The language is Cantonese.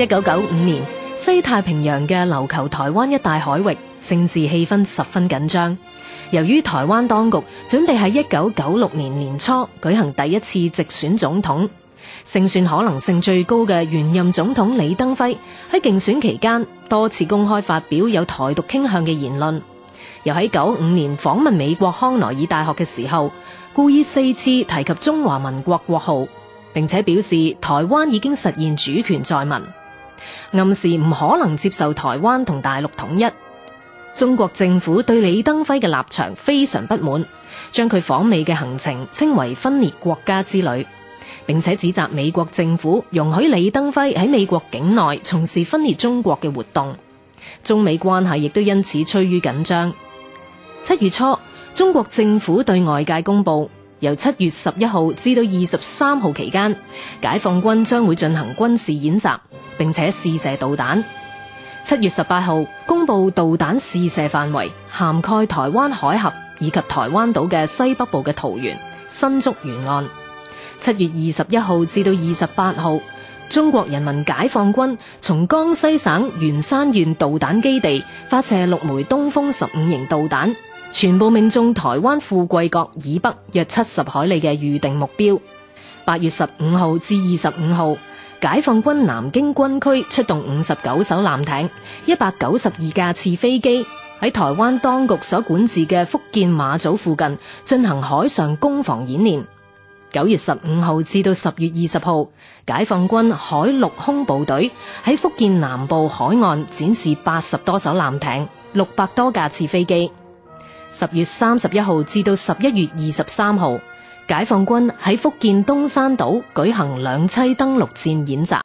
一九九五年，西太平洋嘅琉球台灣一帶海域政治氣氛十分緊張。由於台灣當局準備喺一九九六年年初舉行第一次直選總統，勝算可能性最高嘅原任總統李登輝喺競選期間多次公開發表有台獨傾向嘅言論。又喺九五年訪問美國康奈爾大學嘅時候，故意四次提及中華民國國號，並且表示台灣已經實現主權在民。暗示唔可能接受台灣同大陸統一，中國政府對李登輝嘅立場非常不滿，將佢訪美嘅行程稱為分裂國家之旅，並且指責美國政府容許李登輝喺美國境內從事分裂中國嘅活動，中美關係亦都因此趨於緊張。七月初，中國政府對外界公布。由七月十一號至到二十三號期間，解放軍將會進行軍事演習，並且試射導彈。七月十八號公布導彈試射範圍，涵蓋台灣海峽以及台灣島嘅西北部嘅桃園、新竹沿岸。七月二十一號至到二十八號，中國人民解放軍從江西省鉛山縣導彈基地發射六枚東風十五型導彈。全部命中台灣富貴角以北約七十海里嘅預定目標。八月十五號至二十五號，解放軍南京軍區出動五十九艘艦艇、一百九十二架次飛機，喺台灣當局所管治嘅福建馬祖附近進行海上攻防演練。九月十五號至到十月二十號，解放軍海陸空部隊喺福建南部海岸展示八十多艘艦艇、六百多架次飛機。十月三十一號至到十一月二十三號，解放軍喺福建東山島舉行兩棲登陸戰演習。